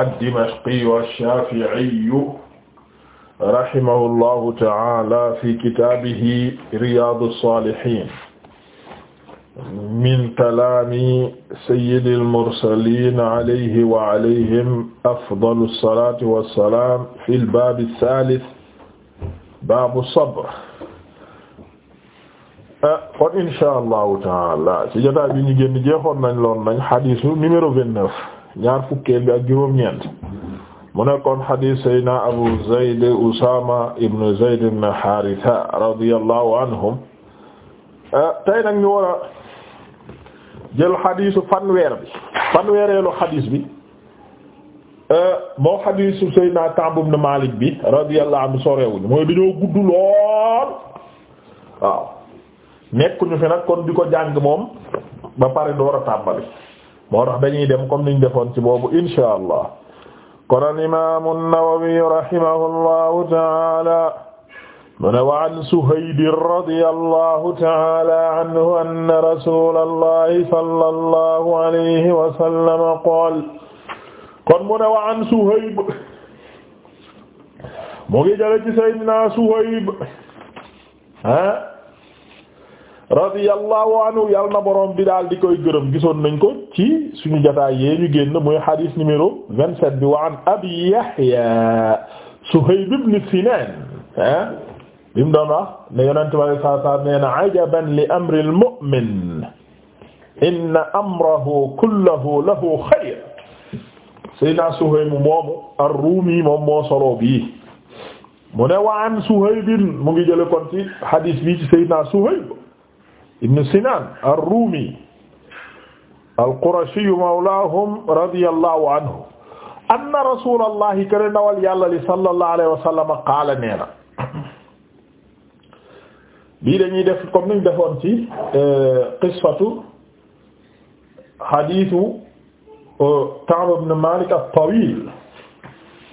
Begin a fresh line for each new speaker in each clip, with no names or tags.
ad-Dimashqi ash-Shafi'i rahimahullahu ta'ala fi kitaabihi Riyaadu s-Saalihiin min kalaami sayyidil mursaliin alayhi wa alayhim afdalu s-salaati wa s-salaam fil baabi s-saalis baabu s-sabr. Eh, kon incha allahu ta'ala ci jotaay bi ñu génn jeexoon nañ loon nañ xadiisu numéro vingt-neuf. ñaar fukkeel bi ak juróom-ñeent mu nekkoon xadiis Seydina Abu Zayd Usaama ibn Zayd ibn Haarisa radiyallahu anhum eh, tey nag ñu war a xadiisu fanweer bi fanweereelu xadiis bi eh, moo xadiisu Seydina Ka'b ibn Maalik bi radiyallahu anhu sorewuñu mooy dañoo gudd lool waaw nekkuñu fi nag kon di ko jàng moom ba pare door a tàmbali moo tax dañuy dem comme niñ defoon ci boobu insha allah kon al imam an-Nawawi rahimahullahu taala mu ne wa an Suhayd radiyallahu taala anhu anna rasulallahi sallallahu alayhi wa sallam qaala kon mu ne wa an Suhayb mu ngi jële ci sayyidina Suhayb ah radiyallahu anhu yal na borom bi daal di koy gërëm gisoon nañ ko ci suñu jotaay yee ñu génn muy hadith numéro 27 bi wa an abi yahya suhayb ibn sinan ah bi mu doon wax ne yonente bi alayhi salaatu salaam nee na ajaban li amri al-mu'min inna amrahu kulluhu lahu xayr sayyidina suhayb moomu ar-rumi moom moo solo bi mu ne wa an suhayb mu ngi jële kon ci hadith bi ci sayyidina suhayb ibn Sinan ar-Rumi al-Qurashi mawlaahum radiyallahu anhu anna rasulallahi kene ndawal yàlla li sallallahu alayhi wa sallam qaala nee na bii dañuy def comme niñ defoon ci euh, qissatu hadithu euh, Ka'b ibn Malik at-Tawil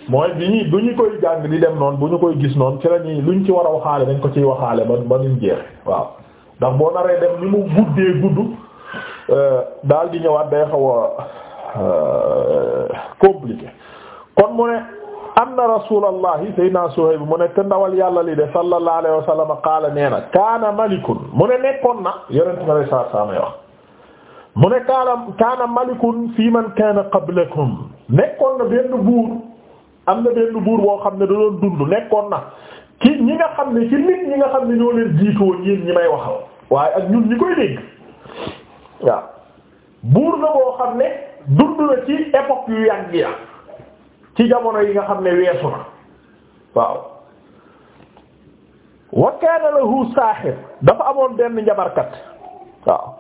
mooy bi ñuy bu ñu koy jàng di dem noonu bu ñu koy gis noonu ci la ñuy luñ ci war a waxaale dañ ko ciy waxaale ba ba nuñ jeex waaw ndax boo naree dem ni mu guddee gudd euh, daal di ñëwaat day xaw a euh, compliqué kon mu ne anna rasulallahi sayyidina Suhayb mu ne te ndawal yàlla li de sallallahu alayhi wa kaala qaala nee na kaana malikun mu ne nekkoon na yonent na lay saa saamay wax mu ne kaana kaana malikun fii man kaana qablakum nekkoon na benn buur am na benn buur boo xam ne da doon dund nekkoon na ki ñi nga xam ne ci nit ñi nga xam ne ñoo leen jiitoon yéen ñi may waxal waaye ak ñun ñi koy dégg waaw buur na boo xam ne dund na ci époque yu yàgg ya ci jamono yi nga xam ne weesu na waaw wa kaana lahu saaxir dafa amoon benn njabarkat waaw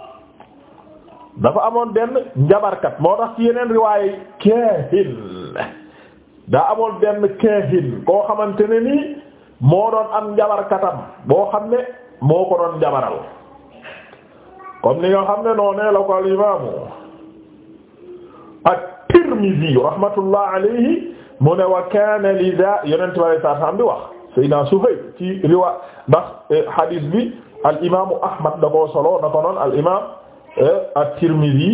dafa amoon benn njabarkat moo tax ci yeneen riwaaye kaahin daa amoon benn kaahin koo xamante ne nii moo doon am njabarkatam boo xam ne moo ko doon njabaral comme ni nga xam ne noonee la ko al imaamu at-Tirmidhi rahmatullah alayhi mu ne wa kaana li daa yonent bi alayhi salaam bi wax Seydina Suhayb ci riwa ndax eh, hadith bi al imaamu Ahmad da koo solo na ko noon al imaam eh, at-Tirmidhi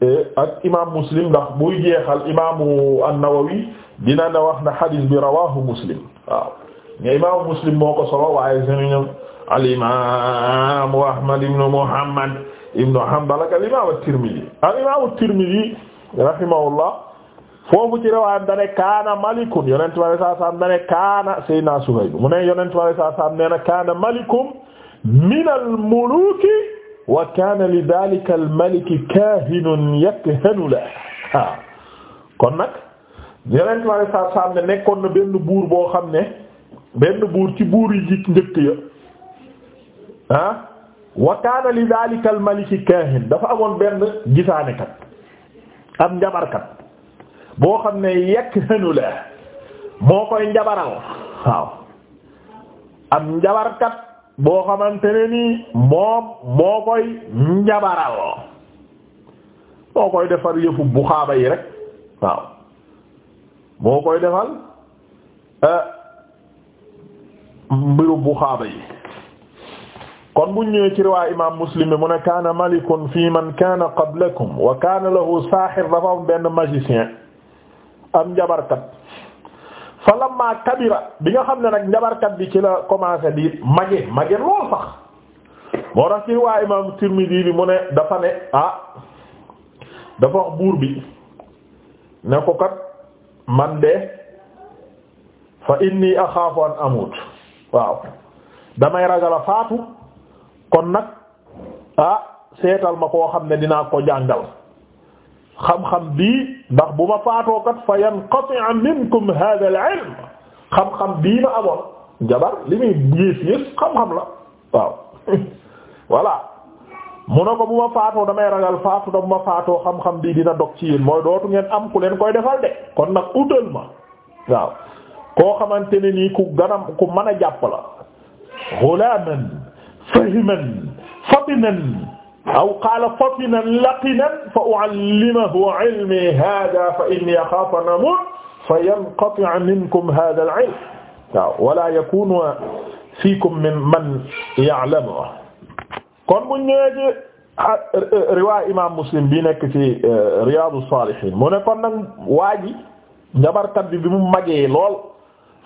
eh, ak imaam Muslim ndax buy jeexal imaamu an-Nawawi dina ne wax na hadith bi rawaahu Muslim waaw mais imaamu Muslim moo ko solo waaye al imam Ahmad ibn Muhammad ibn Hanbal ak al imam at-Tirmidhi al foofu ci riwaayam dane kaana malikun na kaana min al-muluki wa kaana li yakhanu lahu kon nag yonent bi alayhi salaam ne nekkoon na benn buur boo xam ne benn buur ah wa kaana li dhalika al maliki kaahin dafa amoon benn gisaanekat ab njabarkat boo xam ne yakhanu la moo koy njabaral waaw ab njabarkat boo xamante ne nii moom moo koy njabaral moo koy defar yëfu bu xaaba yi rek waaw moo koy defal eh, mbiru bu xaaba yi kon bu ñëwee ci riwaay imaam muslim bi mu ne kaana man kaana qablakum wa kaana lahu saaxir dafa am benn magicien am njabarkat fa lamma kabira bi nga xam ne nag njabarkat bi ci la commencé di mage mage lool sax moo tax ci riwaay imaam tirmidi bi mu dafa ne ah, dafa wax bi ne ko kat man de fa inni axaafu an amut damay ragal faatu kon nag ah seetal ma koo xam ne dinaa ko jàngal xam-xam bii ndax bu ma faatoo kat fa yanqati'a minkum hadha al-ilm li muy la waaw mu ne ko bu ma faatoo damay ragal faatu da bu ma faatoo xam-xam bii dina dog ci yéen mooy dootu ngeen am ku leen koy defal de kon nag utal ma waaw koo xamante ne nii ku ganam ku mën a jàpp la ghulaman fahiman fatinan aw qaala fatinan laqinan fa u'allimahu ilmi haadaa fa innii axaafu an amuuta fa yanqati'a minkum haadal ilm waaw wa laa yakuuna fiikum mimman ya'lamuhu kon bu ñëwee ci riwaay imaam Muslim bi nekk ci euh, Riyaadu Saalihiin mu ne kon nag waa ji njabarkat bi bi mu màggee lool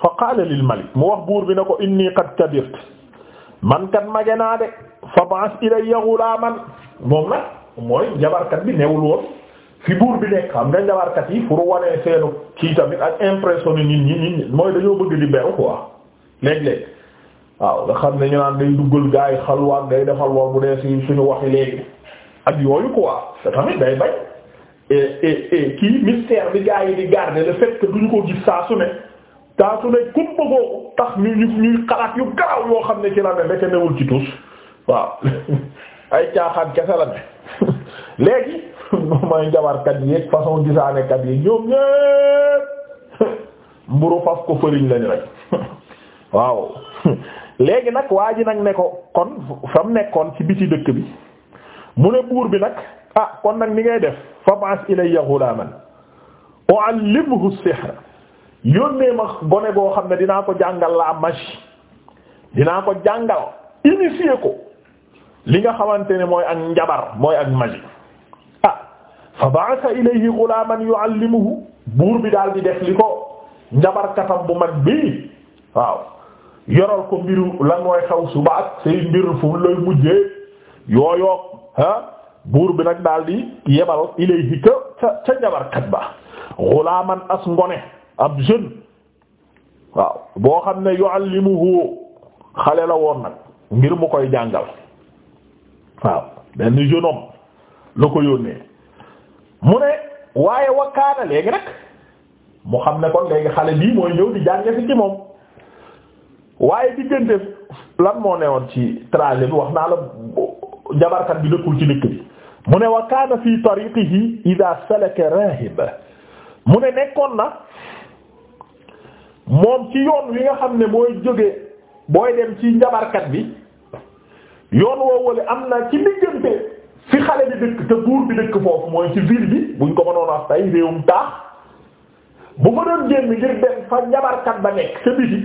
fa qaala lil malik mu wax buur bi ne ko innii qad kabirtu man kat mage naa de fabans ilayya ghulaman moom nag mooy jabarkat bi newul woon fi buur bi nekk xam nga jabarkat yi pour wanee seenu kii tamit ak impression nit ñi nit mooy dañoo bëgg di beru quoi léeg-léeg waaw nga xam ne ñu naan day duggal gaa xalwaat day defal lool bu dee suñu wax léegi ak yooyu quoi te tamit day bañ kii mystère bi gaa yi di garder le fait que duñu ko gis saa su ne taa su ne kumpa tax ñu ñu ñuy xalaat yu garaw yoo xam ne ci la ne ndeke newul ci tus waaw ay caaxaan kese la ne léegi moom mooy njabarkat yeeg façon gisaanekat yi ñoom ñépp mburu faf ko fëriñ lañ rek waaw léegi nag waa ji nag ne ko kon fa mu nekkoon ci biti dëkk bi mu ne buur bi nag ah kon nag ni ngay def fab'as ilayya ghulaman u'allimhu as-sihr yónnee ma gone goo xam ne dinaa ko jàngal la magie dinaa ko jàngal initier li nga xamante ne mooy ak njabar mooy ak magie ah fa ba'atha ilayhi ghulaman yu'allimuhu buur bi daal di def li ko njabarkatam bu mag bi waaw yoral ko mbiru lan mooy xaw suba ak say fu lay mujjee yooyoog ah buur bi nag daal di yebal ilayhi ka ca ca njabarkat ba ghulaman as ngone ab jeune waaw boo xam ne yuallimuhu xale la woon nag ngir mu koy jàngal waaw benn jeune la ko yónnee mu ne waaye wakkaana léegi nag mu xam ne kon léegi xale bii mooy ñëw di jànge fi ci moom waaye diggante lan moo woon ci trajet bi wax naa la jabarkat bi dëkkul ci dëkk bi mu ne wakkaana fi tariqihi ida salaka rahib mu ne nekkoon na moom ci yoon wi nga xam ne mooy jóge booy dem ci njabarkat bi yoon woo wale am na ci diggante ci xale bi dëkk te buur bi dëkk foofu mooy ci ville bi buñ ko mënoon wax tey réewum taax bu ma doon génn ngir ba nekk ca biti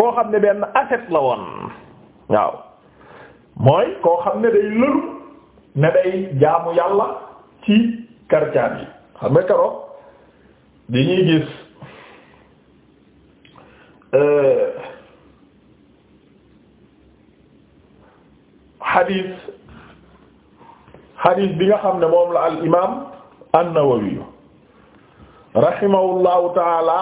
koo xam ne benn aset la woon waaw mooy koo xam ne day lëru ne day jaamu yàlla ci karcaan yi xam nga keroog dañuy gis xadis euh, xadis bi nga xam ne moom la al imaam an-Nawawi rahimahullahu taala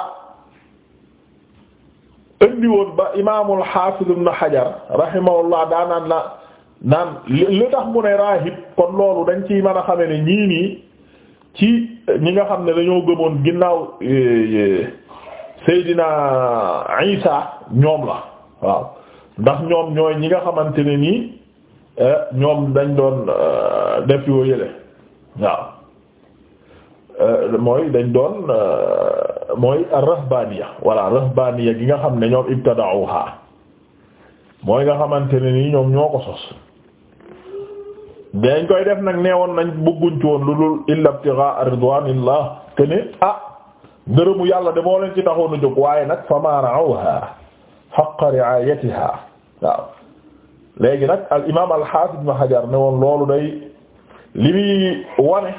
indi woon ba imaamul xaafiz ibn Hajar rahimahullah daa la naan li tax mu ne raahib kon loolu dañ ci mën a xame ne ñii nii ci ñi nga xam ne dañoo gëmoon ginnaaw eh, eh, Seydina Isa ñoom la waaw ndax ñoom ñooy ñi nga xamante ne nii eh, ñoom dañ doon def yoo yële waaw mooy dañ doon mooy rahbaniya walla rahbaniya gi nga xam ne ñoom ibtada'uha mooy nga xamante ne nii ñoom ñoo ko sos dañ koy def nag nee woon nañ bëgguñ ci woon lu dul illa ibtigha ridwanillah te ne ah ngërëmu yàlla de moo leen ci taxoon a jóg waaye nag fama ra'awha haqqa ri'ayatiha waaw léegi nag al imaam al haafid ibn hajar ne woon loolu day li muy wane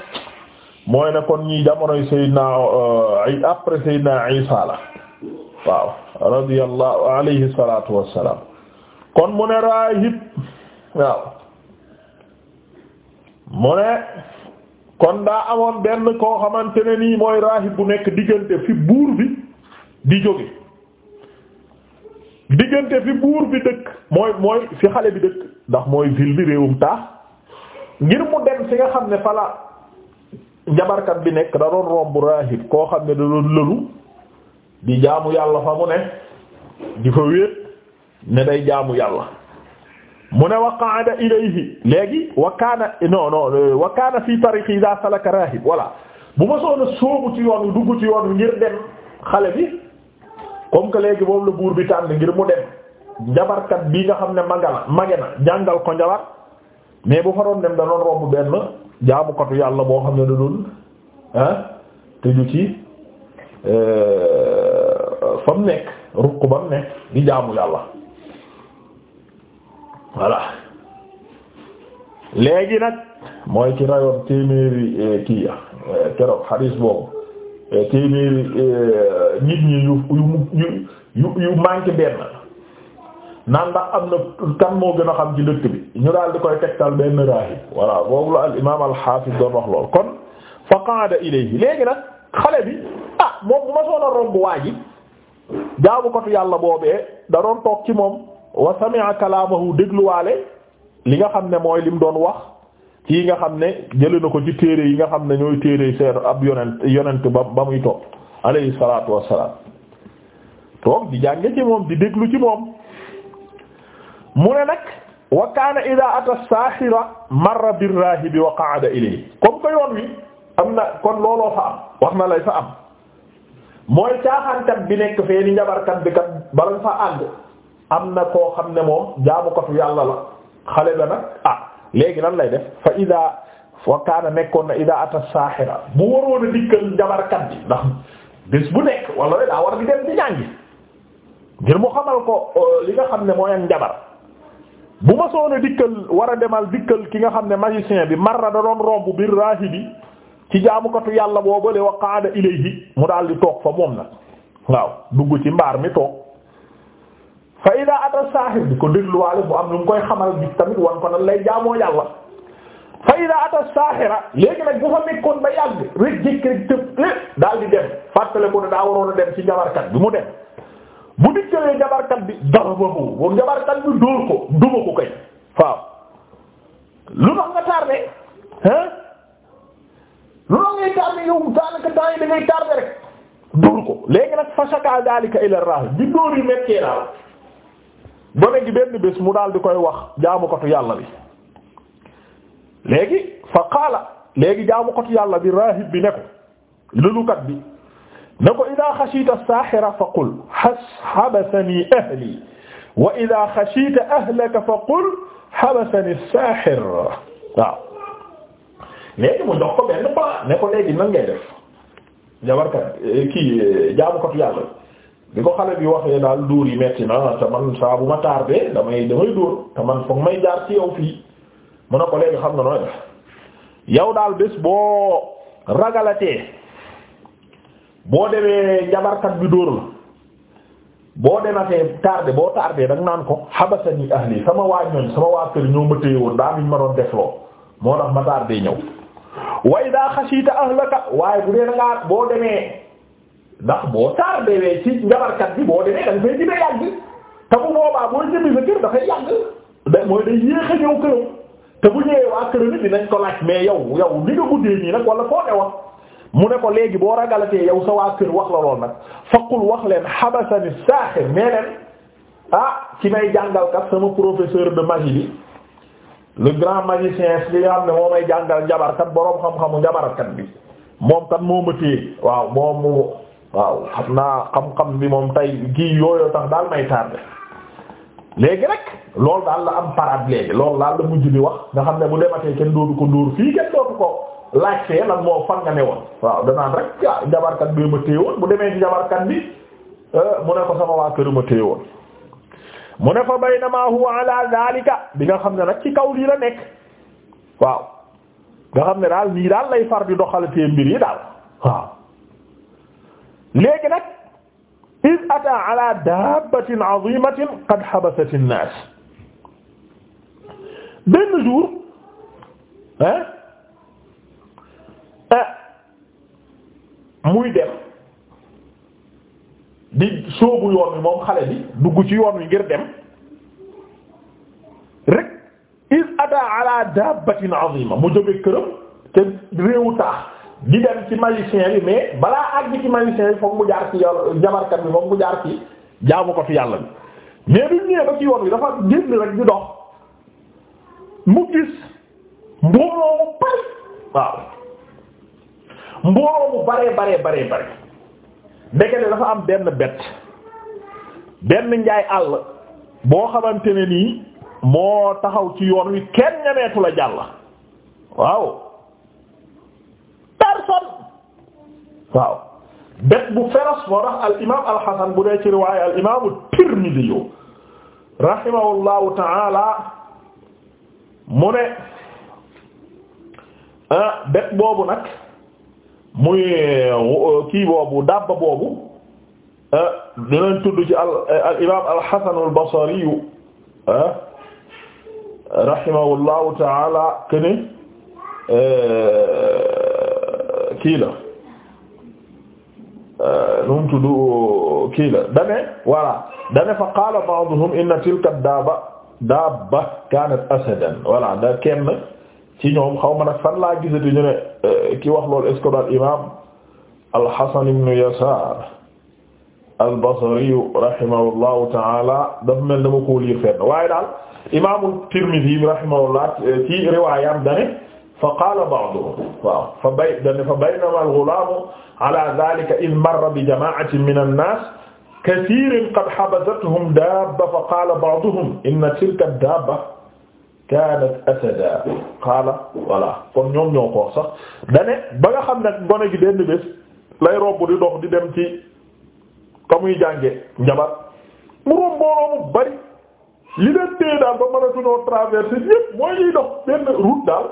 mooy kon ñi jamonoy sayyidina euh, ay après sayyidina Isa la waaw radiyallahu alayhi salatu wassalam kon mu ne raahib mu ne kon daa amoon benn koo xamante ne nii mooy raahib bu nekk diggante fi buur bi di jóge diggante fi buur bi dëkk mooy mooy fi xale bi dëkk ndax mooy ville bi réewum taax ngir mu dem fi nga xam ne fala njabarkat bi nekk da doon romb raahib koo xam ne da doon lëlu di jaamu yàlla fa mu ne di fa wéet ne jaamu yàlla mu ne wa qa'ada ilayhi léegi wa kaana non non wa kaana fi tariqi idha salaka rahib voilà bu ma soona sóobu ci yoon wi dugg ci yoon wi ngir dem xale bi comme que léegi moom la buur bi tànn ngir mu dem njabarkat bii nga xam ne magala mage na ko njabar mais bu fa doon dem da doon romb benn jaabukatu yàlla boo xam ne da doon ah tëju ci euh, fa mu nekk ruq ba mu nekk di jaamu yàlla voilà léegi nag mooy ki rayoon téeméeri eh, kii ya eh, keroog xadiis boobu eh, téeméeri nit ñi yu yu yu yu manqué benn naan am na kan moo gën a xam ci dëkk bi ñu daal di koy tegtal benn raahib voilà boobu la al imaam doon wax lool kon fa qaada ilayhi léegi nag xale bi ah moom bu ma soona romb waa ji ko fi yàlla boobee da doon toog ci moom. wa sami'a kalaamahu dégluwaale li nga xam ne mooy lim doon wax ci nga xam ne jëlee na ko ci téere yi nga xam ne ñooy téere seen ab yonent yonent ba ba muy toog alayhi salaatu toog di jànge ci moom di déglu ci moom mu ne nag wa kaana idaa ata saaxira marra birraahibi wa qa'ada ilayhi comme que yoon wi am na kon looloo fa am wax na lay fa am mooy caaxaankat bi nekk fee njabarkat bi kat bala fa ànd am na koo xam ne moom jaamukatu yàlla la xale la nag ah léegi lan lay def fa ida fa kaana nekkoon na ida ata saaxira bu waroon a dikkal jabarkat bi ndax bés bu nekk wala daa war di dem di jàngi ngir mu xamal ko euh, li nga xam ne mooy ak njabar bu ma soon a dikkal war a demal dikkal ki nga xam ne magicien bi marra da doon romb biir raahibi ci jaamukatu yàlla boobale wa qaada ilayhi mu daal di toog fa moom nag waaw dugg ci mbaar mi toog fa ida ata saaxir bi ko dégluwaale bu am lu mu koy xamal bi tamit wan ko lay jaamoo yàlla fa ida ata saaxira léegi nag bu fa nekkoon ba yàgg rek jékki rek tëb eh, daal di dem fàttale ko daa waroon a dem ci njabarkat bi mu dem bu dikkalee njabarkat bi darabahu boobu njabarkat bi dóor ko duma ko kay waaw lu tax nga tardé hein lu tax ngay tardé yow daanaka temps yi da ngay tardé rek dóor ko léegi nag fa shaka dalika ila rahib bi gone gi benn bés mu daal di koy wax jaamukatu yàlla bi léegi fa qaala léegi jaamukatu yàlla bi raahib bi ne ko lulukat bi ne ko idaa xashiita saaxira fa qul habasani ahli wa idaa xashiita ahlaka fa qul habasani saaxir waaw léegi mu jox ko benn plan ne ko léegi nan ngay def jabarkat kii jaamukatu yàlla bi ko xale bi waxee daal dóor yi metti na te man ma tardé damay damay dóor te man foog may jaar ci yow fii mu ne ko léegi xam nga nooy def yow daal bés boo ragalatee boo demee njabarkat bi dóor la boo dematee tardé boo tardé danga naan ko habasani ahli sama waa ñoñ sama waa kër ñoo ma téye woon daa miñ ma doon def moo tax ma tardé ñëw way daa xasiita ahlaka waaye bu dee dangaa boo demee ndax boo tardewee ci njabarkat bi boo demee da fay gën a yàgg da mooy day yéex a ñëw këram te bu ñëwee waa kër ni dinañ ko laaj mais yow yow li nga guddee nii nag wala foo ne wax mu ne ko léegi boo ragalatee yow sa waa kër wax la lool nag faqul wax leen xabasani saaxir nee leen ah ci may jàngalkat sama professeur de magie bi le grand magicien li nga ne moo may jàngal njabarkat boroom xam-xamu njabarkat bi moom kat moo ma téye waaw moom waaw xam naa xam-xam bi moom tay kii yooyu tax daal may tardé léegi rek loolu daal la am parade léegi loolu daal la mujj bi wax nga xam ne bu dematee kenn dootu ko dóor fii kenn dootu ko laaj fee lan moo fan nga ne woon waaw danaan rek ah jabarkat bi ma téye woon bu demee ci jabarkat bi euh, mu ne ko sama waa kër ma téye woon. mu ne fa baynama huwa ala zalika bi nga xam ne nag ci kaw lii la nekk waaw nga xam ne daal lii daal lay far di doxalatee mbir yi léegi nag iz ata ala dabbatin azimatin qad habasat an-nas benn jour hein eh, muy dem di sóobu yoon wi moom xale bi dugg ci yoon wi ngir dem rek iz ata ala dabbatin azima mu jóge këram te réewu taax di dem ci magicien bi mais balaa àgg ci magicien bi foog mu jaar ci jabarkat bi foog mu jaar ci jaamu ko fi yàlla bi mais duñ ñëwee ba ci yoon bi dafa génn rek di dox mu gis mbooloo mu bari waaw mbooloo mu baree baree baree bare ndekete dafa am benn bett benn njaay àll boo xamante ni nii moo taxaw ci yoon wi kenn ñameetu la jàll waaw waaw bet bu feras moo tax al imaam al hasan bu dee ci riwaaya al imaamu tirmidhi rahimahullahu taala mu ne ah, bet boobu nag muy eh, kii boobu dabba boobu eh, dinañ tudd ci al eh, al imaam al hasan al basri rahimahullahu taala kene kii la. nu mu tudd kii la da ne voilà da ne fa qaala ba'duhum inna tilka daaba daaba kaanat asadan voilà da kenn ci ñoom xaw ma nag fan laa gisati ñu ne euh, ki wax loolu est-ce que daal imaam al-Hasan ibn Yasaar al-Basri rahimahullahu taala dafa mel dama ko liir fenn waaye daal imaamul Tirmidhi rahimahullah ci riwaayam da ne fa qaala ba'duhum waaw fa bay dane fa baynama al-ghulaamu ala dhaalika idh marra bi jamaa'atin mina an-naas kathiirin qad habasathum daabba fa qaala ba'duhum inna tilka ad-daabba kaanat asadan qaala voilà kon ñoom ñoo ko sax dane ba nga xam nag gone gi benn bés lay robb di dox di dem ci ka muy jànge njabar mu romb booroomu bari li leen téye daal ba mënatuñoo traverser ñépp mooy ñuy dox benn route daal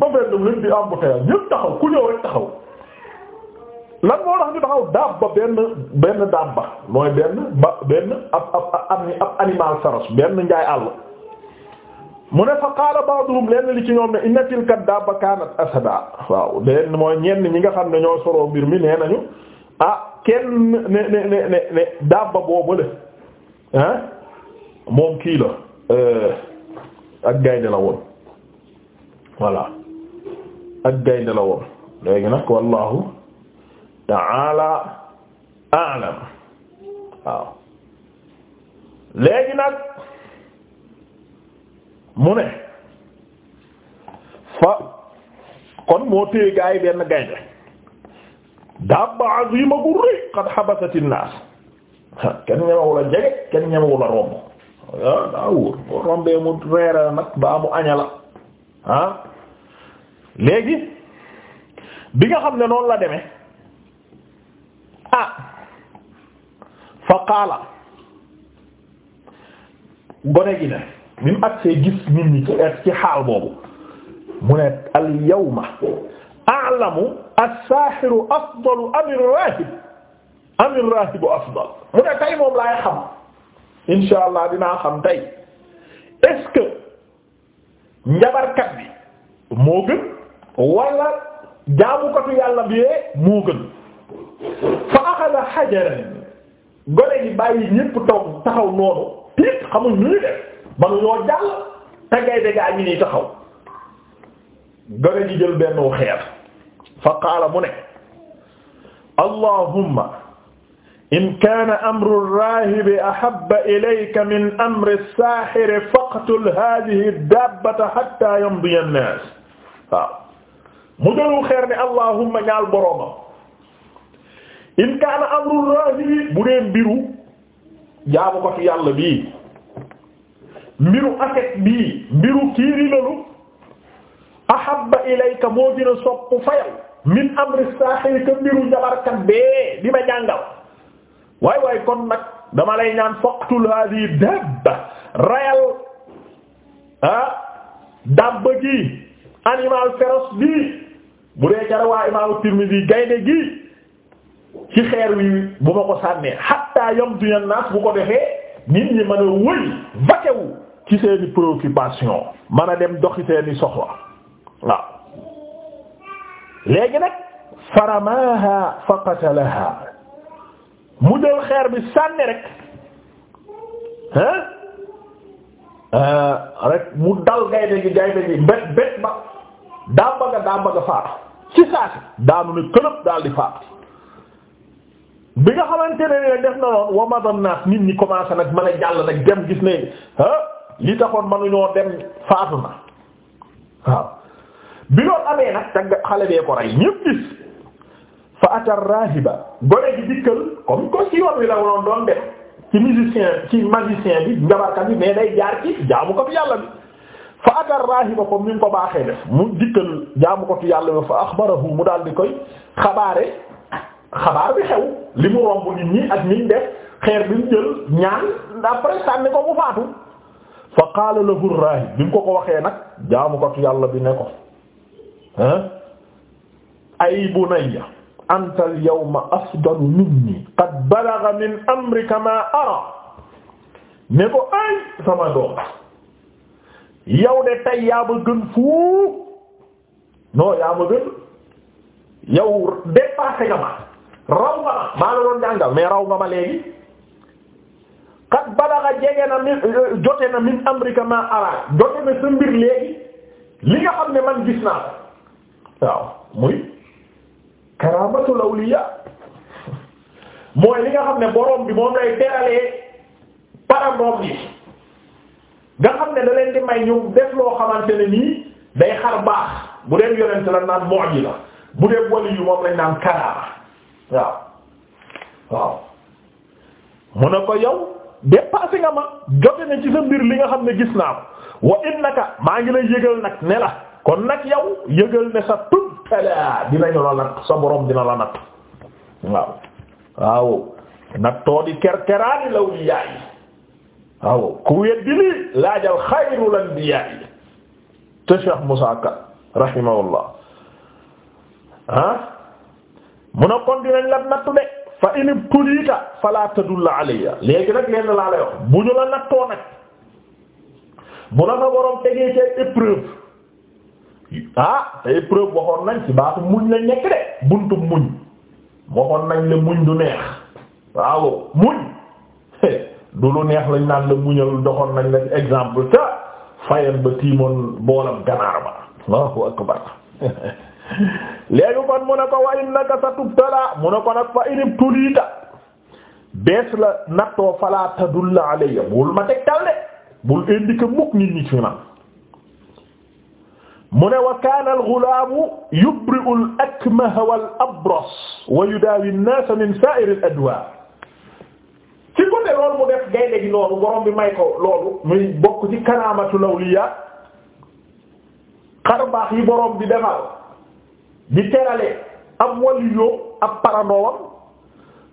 ba benn lim bi embouteillage ñëpp taxaw ku ñëw taxaw lan moo tax ñu taxaw daab benn benn daab mooy benn ba benn ab ab ab animal saros benn njaay àll mu ne fa qaala ba'dhum lenn li ci ñoom ne inna tilka kaanat asada waaw benn mooy ñenn ñi nga xam ne ñoo soroo mbir mi nee nañu ah kenn ne ne ne ne ne dabba boobu la ah moom kii la euh, ak gaynde la woon voilà ak gaynde la woon léegi nag wallahu ta'ala a'lam waaw léegi nag mu ne fa kon moo téye gaa yi benn gaynde dabba azima gu rëy qad xabasati naas kenn ñemewu la jege kenn ñemewu la romb ah, daa wóor boo rombee mu reere nag baa mu añala ah léegi bi nga xam ne noonu la deme ah fa qaala gone gi ne bi mu agsee gis nit ñi ci ci xaal boobu mu ne al yawma a'lamu as-saahiru afdalu am ar-raahib am ar-raahibu afdal mu ne tey moom laay xam insha allah dinaa xam tey est-ce que njabarkat bi moo wala jaamukatu yàlla bi yee moo gën fa axada xajaran gone gi bàyyi ñépp toog taxaw noonu tiit xamuñ ñuy def manu ñoo jàll tagay dagaa ñi nii taxaw gone gi jël benn xeer fa qaala mu ne allahumma in kaana amru raahibi ahabba ilayka min amri saahiri faqtul haadihi dabbata hattaa yamdiya nnaas waaw mu jëlul xeer ne ñaal boroomam in kaana amrul rahibi bu dee mbiru jaamu ko fi yàlla bii mbiru aset bii mbiru kiiri lalu ahabba ilayka moo dina sopp min amri saaxiri ka mbiru njabarkat bee di ma jàngal waay waay kon nag dama lay ñaan faqtul dabba rayal ah, animal féroce bi mu dee ca rawaa imaamu Tirmidhi gaynde gi ci xeer wi bu ma ko sànnee hatta yamdu an-nas bu ko defee nit ñi mën a wëy vaquewu ci seeni préoccupation mën a dem doxi seeni soxla waaw léegi nag faramaha fa qatalaha mu jël xeer bi sànni rek hein euh, rek mu dal gaynde gi gaynde gi bet bet ba daa bëgg a daa bëgg a faatu ci saasi daanu ne këlëb daal di faatu bi nga xamante ne def na noonu wamatam naas nit ñi commencé nag ma a jàll nag dem gis ne ah li taxoon mënuñoo dem faatu na waaw bi loolu amee nag tagg xale bee ko rey ñépp gis fa atar rahiba gi dikkal comme ko ci yoon wi la woon doon def ci musicien ci magicien bi njabarkat bi mais day jaar ci jaamu ko bi yàlla bi fa agar raahiba comme ni mu ko baaxee def mu dikkal jaamu ko fi yàlla ba fa axbarahu mu daal di koy xabaare xabaar bi xew li mu romb nit ñi ak niñ def xeer bi mu jël ñaan après sànni ko mu faatu fa qaala lahu raahib bi mu ko ko waxee nag jaamu ko fi yàlla bi ne ko ah ay bunayya anta al yawma afdalu minni qad balagha min amrika ma ara ne ko ay sama doom yow de tey yaa gën fuuf non yaa ma gën yow dépassé nga ma raw nga ma maa la doon jàngal mais raw nga ma léegi kat balaxa jege na min jote na min amrika ma ara jote na sa mbir léegi li nga xam ne man gis naa waaw muy karamatul awliya mooy li nga xam ne borom bi moom lay teralee parandoom bi nga xam ne da leen di may ñu def loo xamante ne nii day xar baax bu dee yonent la naan mu'jiza bu dee wali yu moom lañ naan karaama waaw waaw mu ne ko yow dépassé nga ma jote na ci sa mbir li nga xam ne gis naa ko wa innaka maa ngi lay yëgal nag ne la kon nag yow yëgal ne sa tuntala dinañu la natt sa borom dina la natt waaw waaw nattoo di kerkeraani law li yaay waaw ku weddi lii laajal xayrul anbiyaa yi te Cheikh Moussa Ka rahimahullah ah mu ne kon dinañ la nattu de fa in ibtuliita falaa tadulla alayya léegi nag leen laa lay wax bu ñu la nattoo nag bu la fa borom tegee ci épreuve ah te épreuve waxoon nañ ci baatu muñ la nekk de buntu muñ waxoon nañ le muñ du neex waaw muñ du lu neex lañ naan la muñal doxoon nañ la ci exemple ta fayen ba tiimoon boolam ganaar ba Allahu akbar léegi kon mu ne ko wa innaka satubtala mu ne ko nag fa inib tuliita bees la nattoo fala tadulla alayya bul ma tegtal de bul indiqué mukk nit ñi ci man mu ne wa kaana al-ghulaamu yubri'u al-akmaha wal-abras wa yudaawi an-naasa min saa'iri al-adwaa ci côté loolu mu def gaynde gi noonu borom bi may ko loolu muy bokk ci karaamatu lawliya xar baax yi borom bi defal di terale ab waliyoo ab parandoowam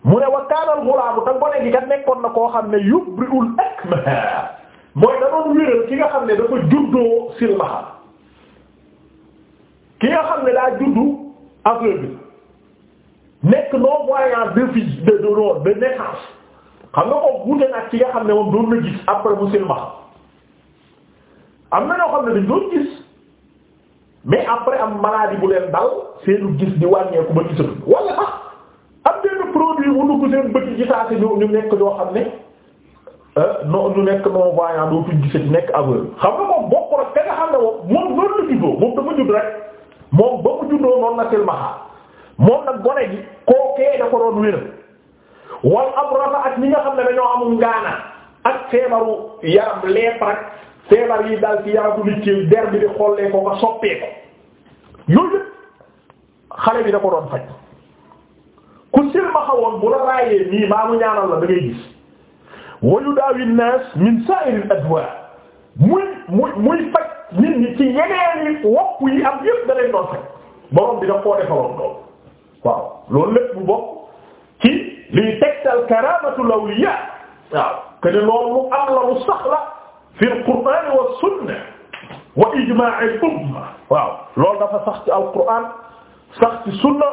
mu ne wa kaanal xulaamu te gone gi kat nekkoon na koo xam ne yubri'ul akma mooy da wéral ki nga xam ne dafa juddoo silmaxa ki nga xam ne daa juddu aveugle nekk non voyant de de de de naissance xam nga ko wuute nag ci nga xam ne moom doon na gis après mu silmaxa am na ñoo xam ne dañ doon gis mais après am maladie bu leen dal seenu gis di wàññeeku ba gisatu wala sax am benn produit bu dugg seen bët yi gisaate ñu ñu nekk xam ne euh, non ñu nekk non voyant nekk aveugle xam nga moom bokk rek ka xam ne moom moom noonu la moom dafa judd rek moom ba mu juddoo noonu la silmaxa moom nag gone gi kookee da doon wér wal abrasa ak mi nga xam ne dañoo amul ngaana ak feebaru yaram leepre ak feebar yi daal ci yaramu nit ki der bi di xollee ko nga yooyu xale bi da ko doon faj ku silmaxa woon bu la raayee nii maa mu ñaanal la da ngay gis wayu daawi am yëpp da leen doon faj borom bi da koo defaloon loolu waaw loolu bu bokk liy tegtal karamatu lawliya waaw que ne loolu lu am lu sax fi al-Qur'an wa sunna wa ijma' al-umma waaw dafa sax al-Qur'an sax ci sunna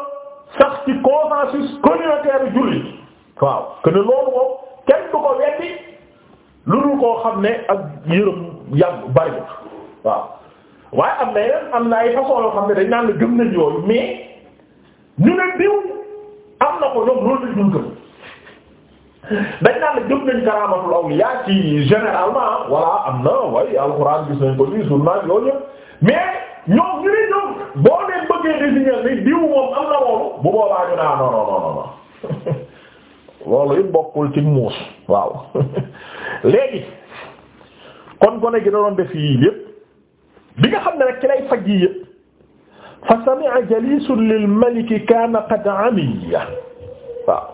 sax ci consensus communautaire julli waaw kenn du ko lu dul koo xam ne ak yërëm yàgg bari waaw waaye am na yeneen am na ay façon yoo xam ne dañ naan la gëm nañ yooyu ne diw. am na ko ñoom loolu lañ gëm dañ naan ci généralement voilà am na waaye alxuraan gis nañ ko lii sunna yooyu yëpp mais ñoom ñu ne ñoom boo leen bëggee désigner ni diw moom am na loolu bu boobaa ñu naa non non non non loolu it bokkul ci muus waaw léegi kon gone gi da doon def yii yëpp bi nga ne rek ci lay fa sami'a jalisun lil malik kaana qad amiya waaw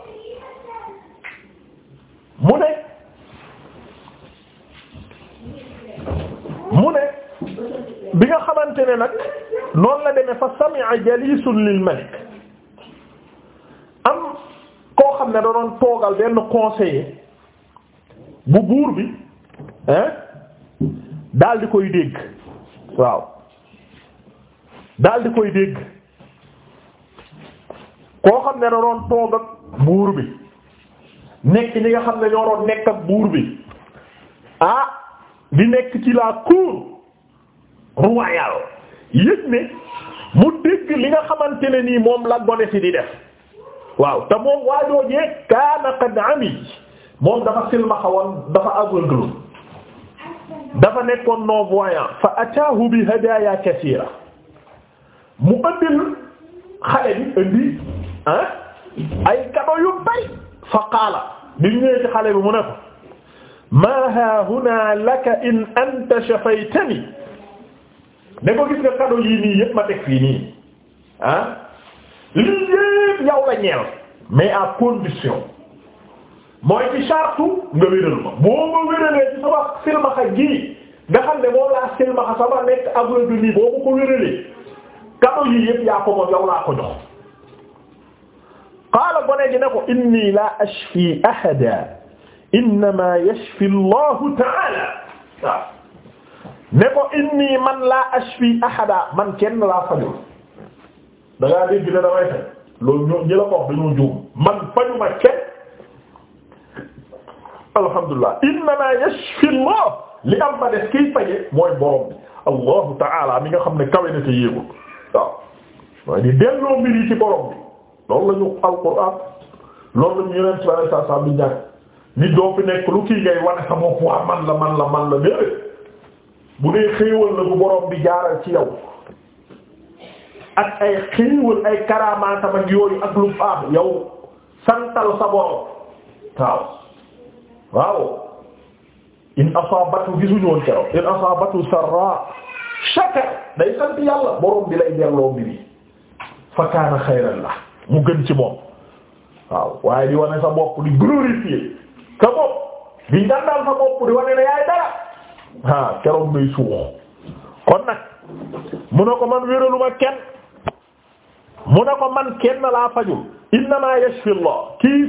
mu ne mu ne bi nga xamante ne nag noonu la demee fa sami'a jalisun lil malik am koo xam ne da doon toogal benn conseiller bu buur bi hein daal di koy dégg waaw daal di koy dégg koo xam ne da doon toog ak buur bi nekk ñi nga xam ne ñoo doon nekk ak buur bi ah di nekk ci la cour royale yëg ne mu dégg li nga xamante ne nii moom la gone si di def waaw te moom waajoojee kaana qad ami moom dafa silmaxawoon dafa aveugle dafa nekkoon non voyant fa ataahu bi hadaaya kasiira mu ëndil xale bi ëndi ah ay kado yu bari fa qaala bi ñëwee ci xale bi mu ne ko maa haahuna laka in anta shafaytani ne ko gis nga kado yii nii yépp ma teg fii nii ah lii yépp la ñeel mais à condition mooy ci sartu nga wéral ma boo ma wéralee ci sama silmaxa gi nga xam ne moom laa silmaxa sama nekk avre de nii boo ma ko wéralee kado yi yëpp yaa ko moom yow laa ko jox qaala gone gi ne ko inni la ashfi ahada innama yashfi allahu taala waaw ne ko inni man la ashfi ahada man kenn laa fajul da ngaa dégg ne damay faj loolu ñoo ñi la ko wax dañoo juum man fajuma kenn alhamdulillah innama yashfi allah li am ba def kiy faje mooy borom bi allahu taala mi nga xam ne kawe na te yéegul waaw mooy di delloo mbir yi ci borom bi loolu la ñu alquran loolu la ñu yeneen sallallahu alayhi wa sallam bi ñaan nit doo fi nekk lu kii ngay wane sa bopp man la man la man la déedéet bu dee xéewal la borom bi jaaral ci yow ak ay xéewal ay karaamaatam ak yooyu ak lu baax yow santal sa borom waaw waaw in asaabatu gisuñu woon keroog in asaabatu sarraa shakar day sant yàlla borom bi lay delloo mbir fa kaana xayran mu gën ci moom waaw waaye di wane sa bopp di glorifier sa bopp di ngàndal sa bopp di wane ne yaay dara ah keroog ngay suux kon nag mu ne ko man wéraluma kenn mu na ko man kenn laa fajul innama yashfi Allah kii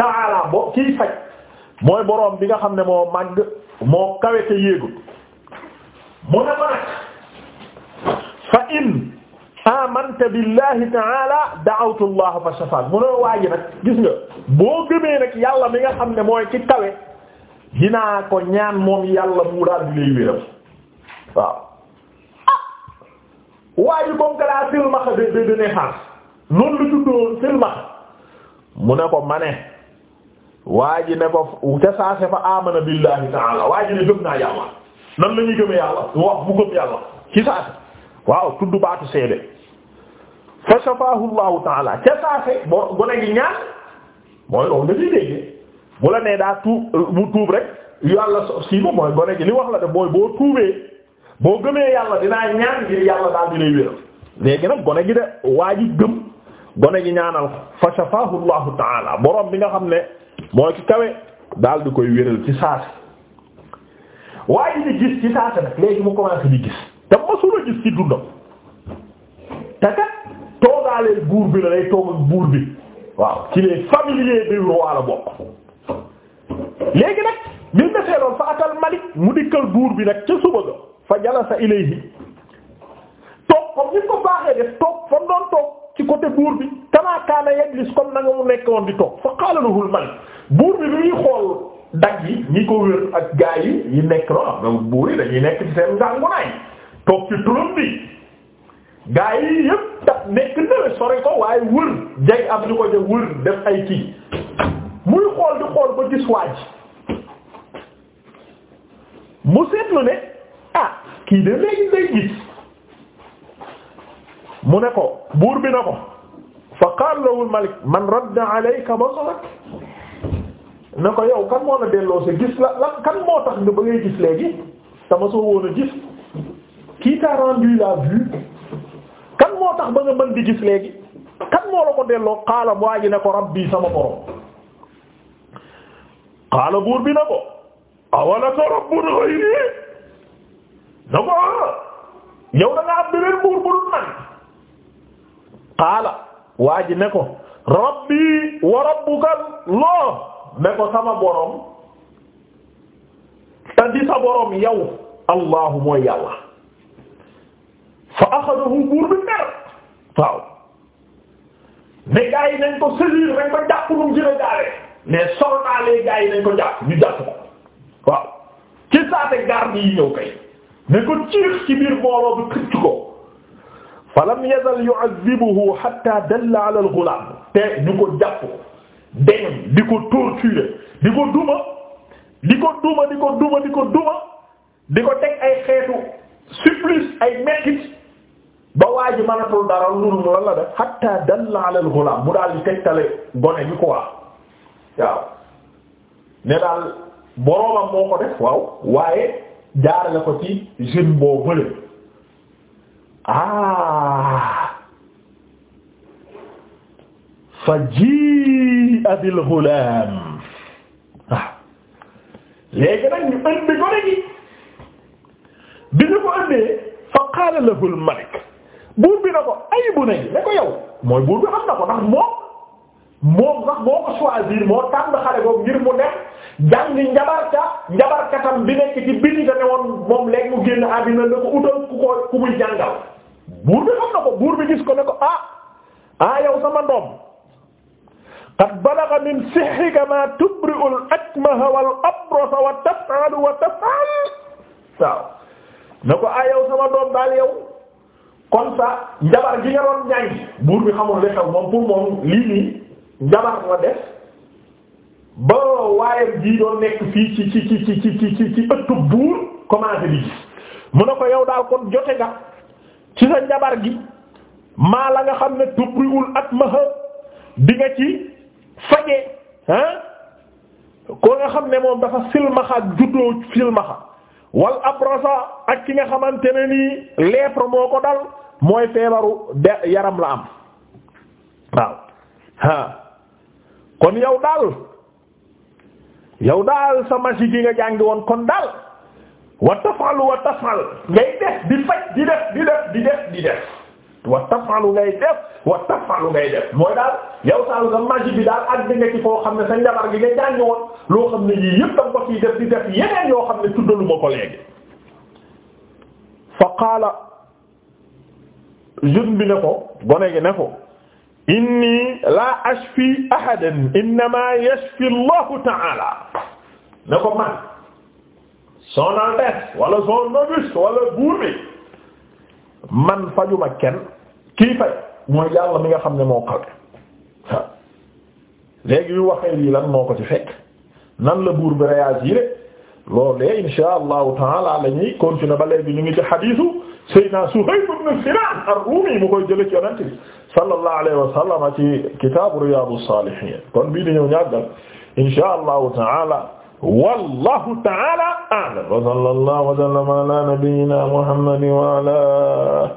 ta'ala bo kii faj mooy boroom bi nga xam ne moo màgg moo kawe te yéegul mu ne ko nag in amanta billahi taala da'awtu allah fa shafaan mu ne waaji nag gis nga boo gëmee nag yàlla mi nga xam ne mooy ci kawe dinaa ko ñaan moom yàlla mu daal di lay wéram waaw ah waaji boom galaa silmaxa de de de naissance loolu lu tuddoo silmaxa mu ne ko ma ne ne ko ca fa amana billahi taala waaji ne gëm naa yàlla nan la ñuy gëmee yàlla wax bu gëm yàlla waaw tudd baatu seede fa shafaahu llahu taala ca saase boo gone gi ñaan mooy loolu dañuy déggee bu la nee daa tuub mu tuub rek yàlla si ba mooy gone gi li wax la de mooy boo tuubee boo gëmee yàlla dinaa ñaan ngir yàlla daal di lay wéral léegi nag gone gi de waa ji gëm gone gi ñaanal fa shafaahu llahu taala borom bi nga xam ne mooy ki kawe daal di koy wéral ci saase waa ji gis ci saase nag léegi mu commencé di gis te masula gis ci dundam te kat toogaalee buur bi la lay toog ak buur bi waaw ci les familiers du roi la bokk léegi nag bi mu defee loolu fa atal malik mu dikkal buur bi nag ca suba ga fa jalasa ilayhi toog comme ni ko baaxee def toog fa mu toog ci côté buur bi kama kaana yajlis comme na mu nekk di toog fa qaala lahu al malik buur bi bi muy xool dag yi ñi ko wér ak gaa yi yi nekk noonu buur yi dañuy nekk ci seen ngàngunaay toog ci turam bi gaa yi yëpp daf nekk nëwe sori ko waaye wër jeg am ñu ko ja wër def ay kii muy xool di xool ba gis waaj mu seetlu ne ah kii de léegi day gis mu ne ko buur bi ne ko fa qaala lahu al-malik man radda alayka basarak na ko yow kan moo la delloo sa gis la la kan moo tax nga ba ngay gis léegi tama soo woon a gis qui t'a rendu la vue kan moo tax ba nga di gis léegi moo la ko delloo xaala waa ji ne ko rabbi sama borom xaala buur bi na ko awala ko rabbun ah, na ko yow da nga am beneen buur bu dul man xaala ne ko rabbi wa rabbuka loo ne ko sama borom te borom yow allahu mooy yàlla fa axadahu buur bi mer waaw mais gars yi nañ ko saisir nañ ko jàpp nu mu gën a gaawee mais soldats les gars yi nañ ko jàpp ñu jàpp ko waaw ci saate garde yi ñëw kay ne ko ciix ci biir bi xëcc ko fa lam yazal yu'azzibuhu hatta dalla ala ko jàpp di ko torturer di ko duma di ko duma di ko duma di ko duma di ko teg ay xeetu supplice ay mettit ba waa ji mënatul dara loolu mu lan la def hatta dalla ala al-ghulam mu daal di tegtale gone gi quoi waaw ne daal boroomam moo ko def waaw waaye jaarale ko ci jeune boo bële ah. ah. léegi nag ñu indi gone gi bi ñu ko andee fa qala lahu malik buur bi na ko ay bu nañ ko yow mooy buur bi xam na ko ndax moom moom sax moo ko choisir moo tànn xale boobu ngir mu nekk jàngi njabarka njabarkatam bi nekk ci biti da ne woon moom léegi mu génn àddina na utal ku ko ku muy jàngal buur bi xam na ko buur bi gis ko ne ko ah ah sama ndoom qad balagha min sihhika ma tubri'u al-akmaha wal-abrasa wa taf'alu wa taf'al waaw ko ah yow sama ndoom daal yow kon sa njabar gi nga doon ñaay buur bi xamul li moom pour moom lii nii njabar la def ba waayam jii doon nekk fii ci ci ci ci ci ci buur commencé di gis mu ne ko yow daal kon jote nga ci sa njabar gi maa la nga xam ne tubriwul at ma di nga ci faje ah ko nga xam ne moom dafa silmaxa juddoo silmaxa wal abrasa ak ki nga xamante ne nii lèpre moo ko dal mooy feebaru de yaram la am waaw ah kon yow daal yow daal sa masi gi nga jàngi woon kon daal wa tafalu ngay def di faj di def di def di def wa tafalu ngay def wa ma ngay def yow saalu sa maji bi daal ak nga foo xam ne sa njabar gi nga jàngi woon loo xam ne yii yëpp danga ko ciy def di def yeneen yoo xam ne tuddalu ma ko léegi fa bi ne ko gone gi ne ko inni la ashfi ahadan innama yashfi allahu ta'ala ne ko man son wala son novice wala buur bi man fajuma kenn kii fay mooy yàlla mi nga xam ne moo kawe waaw léegi yu waxee lii lan moo ko nan la buur bi réagir loolee insha allahu taala la ñuy continuer ba léegi ñu ngi ci xadiisu Seydina Suhayb ibn Sinan ar-Rumi mu koy jële ci yonent bi sallallahu alayhi wa sallam ci kitaabu Riyadus Salihin kon bii di ñëw ñàggal insha allahu taala wallahu taala a'lam wa sallallahu wa sallama ala nabiyyina Muhammad wa